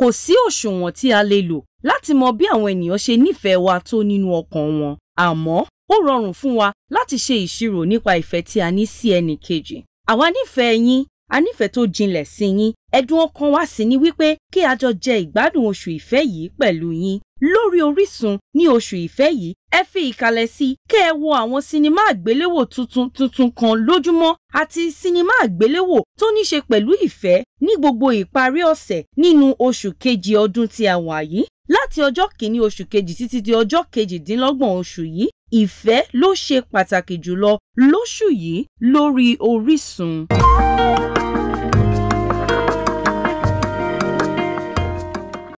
Kò sí òṣùwọ̀n tí a lè lò láti mọ bí àwọn ènìyàn ṣe nífẹ̀ẹ́ wa tó nínú ọkàn wọn, àmọ́ ó rọrùn fún wa láti ṣe ìṣirò nípa ìfẹ́ tí a ní sí ẹnì kejì. Àwa nífẹ̀ẹ́ yín, a nífẹ̀ẹ́ tó jinlẹ̀ sí yín, ẹ̀dùn ọkàn wa sì ni wípé kí a jọ jẹ ìgbádùn oṣù ìfẹ́ yìí pẹ̀lú yín lórí Orísun ní oṣù ìfẹ́ yìí ẹ fi ìkàlẹ̀ sí kẹ́ ẹ wo àwọn sinimá àgbéléwò tuntun tuntun kan lójúmọ́ àti sinimá àgbéléwò tó ní ṣe pẹ̀lú ìfẹ́ ní gbogbo ìparí ọ̀sẹ̀ nínú oṣù kejì ọdún tí a wà yìí láti ọjọ́ kìíní oṣù kejì títí di ọjọ́ kejìdínlọ́gbọ̀n oṣù yìí ìfẹ́ ló ṣe pàtàkì jùlọ lóṣù yìí lórí Orísun.